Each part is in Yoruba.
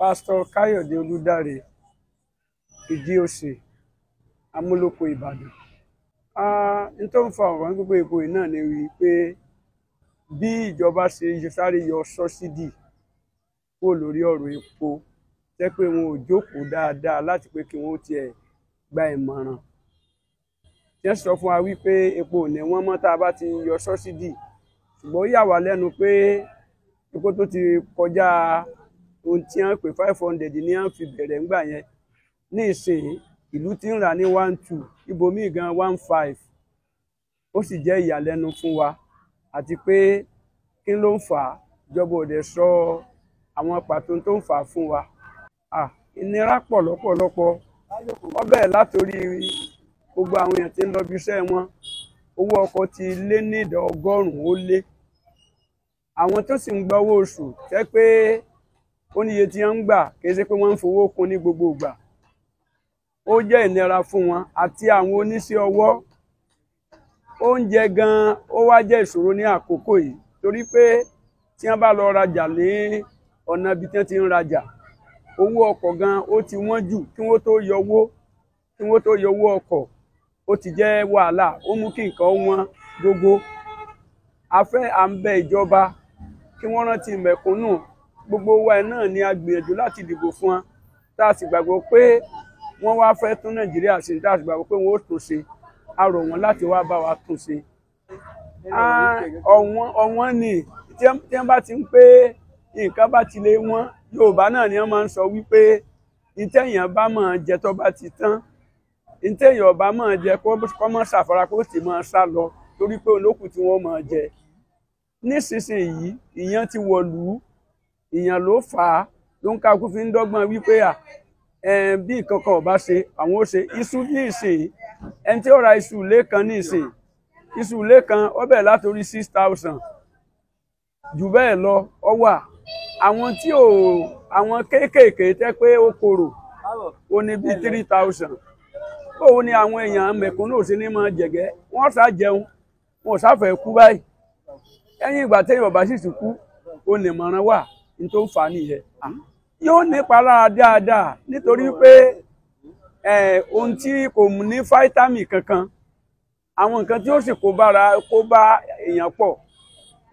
pásítọ̀ káyọ̀dé olùdáre ìdíòsè amúlòkọ ìbàdàn n tó ń fa ọ̀rọ̀ ní gbogbo èkó yìí náà ni rí i pé bí ìjọba ṣe sáré yọ sọ́sídì kúrò lórí ọ̀rọ̀ epo jẹ́ pé wọn ò jókòó dáadáa láti pé kí wọ́n tiẹ̀ gba ìmọ̀ràn jẹ́ sọ fún wa wípé epo ní wọ́n mọ́ tá a bá ti yọ sọ́sídì ṣùgbọ́n yà wá lẹ́nu pé epo tó ti kọjá ohun tí wọ́n pè five hundred ni wọ́n fi bẹ̀rẹ̀ ńgbà yẹn ní ìsìn ìlú tí ń rà ní one two ibòmíì gan one five ó sì jẹ́ ìyàlẹ́nu fún wa àti pé kí ló ń fà á ìjọba òde sọ àwọn pàtó tó ń fà á fún wa ìnira pọ̀ lọ́pọ̀lọpọ̀ wọ́n bẹ̀rẹ̀ látòrí gbogbo àwọn èèyàn tí ń lọ ibiṣẹ́ wọn owó ọkọ̀ ti lé ní ìdá ọgọ́rùn-ún ó lé àwọn tó sì ń gbọ́ owó oṣù jẹ́ pé ó níye tí wọ́n ń gbà kìí ṣe pé wọ́n ń fowó kún ní gbogbo ìgbà ó jẹ́ ìnira fún wọn àti àwọn oníṣẹ́ ọwọ́ oúnjẹ gan-an ó wá jẹ́ ìṣòro ní àkókò yìí torí pé tí wọ́n bá lọ rajà ní ọ̀nà ibi tí wọ́n ti ń rajà owó ọkọ̀ gan ó ti wọ́n jù kí wọ́n tó yọ kí wọ́n tó yọ ọkọ̀ ó ti jẹ́ wàhálà ó mú kí nǹkan wọn gógó a à ń bẹ ìjọba kí wọ́n rántí mẹ̀kúnnù gbogbo wa náà ni a gbìyànjú láti dìbò fún wọn tá a sì gbàgbọ́ pé wọ́n wá fẹ́ tún nàìjíríà ṣe tá a sì gbàgbọ́ pé wọ́n ó tún ṣe a rọ̀ wọ́n láti wá bá wa tún ṣe. ọ̀wọ́n ni tí wọ́n bá ti ń pé nǹkan bá ti lé wọ́n yorùbá náà ni wọ́n máa ń sọ wípé ìtẹ̀yàn bá máa jẹ tó bá ti tán ìtẹ̀yàn ọba máa jẹ kó máa ṣàfara kó sì máa sá lọ torí pé olókùn tí wọ́n máa jẹ nísinsìnyí ìyẹn ti wọ̀lú ìyàn ló fà á ló ń ká kú fi ń dọ́gbọ́n wípé à bí kankan ò bá ṣe àwọn ó ṣe iṣu ní ìsìn ẹni tí ó ra iṣu lẹ́kan ní ìsìn iṣu lẹ́kan ó bẹ̀rẹ̀ látòrí six thousand jù bẹ́ẹ̀ lọ ọ wà àwọn tí ò àwọn kéékèèké tẹ́ pé ó korò ó ní bíi three thousand bóun ni àwọn èèyàn mẹ̀kúnnù sí ní máa jẹ̀gẹ́ wọ́n sá jẹun wọn ò sáfẹ́ kú báyìí ẹ̀yìn ìgbà téèyàn bá sì sì kú ó lè mọ̀ràn wà n tó ń fà á nìyẹn yóò nípa lára dáadáa nítorí pé ohun tí kò mú ní fáítámì kankan àwọn nǹkan tí ó sì kó bára kó bá èèyàn pọ̀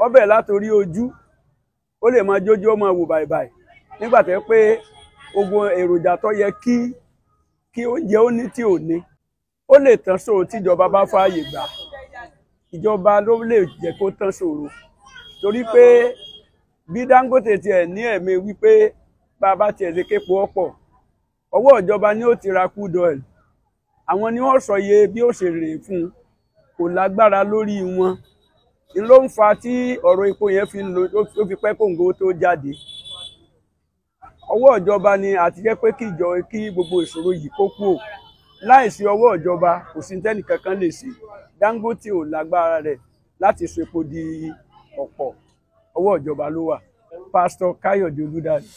ọbẹ̀ látòrí ojú ó lè máa jójó máa wò bàìbàì nígbà tó yẹ pé gbogbo èròjà tó yẹ kí kí oúnjẹ ó ní tí ò ní ó lè tán ṣòro tíjọba bá fààyè gbà ìjọba ló lè jẹ́ kó tán ṣòro torí pé bí Dangote tiẹ̀ ní ẹ̀mí wípé bá a bá tiẹ̀ ṣe képo ọ̀pọ̀ ọwọ́ ìjọba ni ó ti ra crude oil àwọn ni wọ́n sọ iye bí ó ṣe rèé fún un kò lágbára lórí wọn n ló ń fa tí ọ̀rọ̀ epo yẹn fi ń lo ó fi pẹ́ kóńgó tó jáde ọwọ́ ìjọba ni àti jẹ́ pé kí ìjọ kí gbogbo ìṣòro yìí kó kúrò láìsí ọwọ́ ìjọba kò sí tẹ́nì kankan lè ṣe Dangote ò lágbára rẹ̀ láti ṣepo di ọ̀pọ̀ ọwọ́ ìjọba ló wà pásítọ̀ káyọ̀dé olúdáni.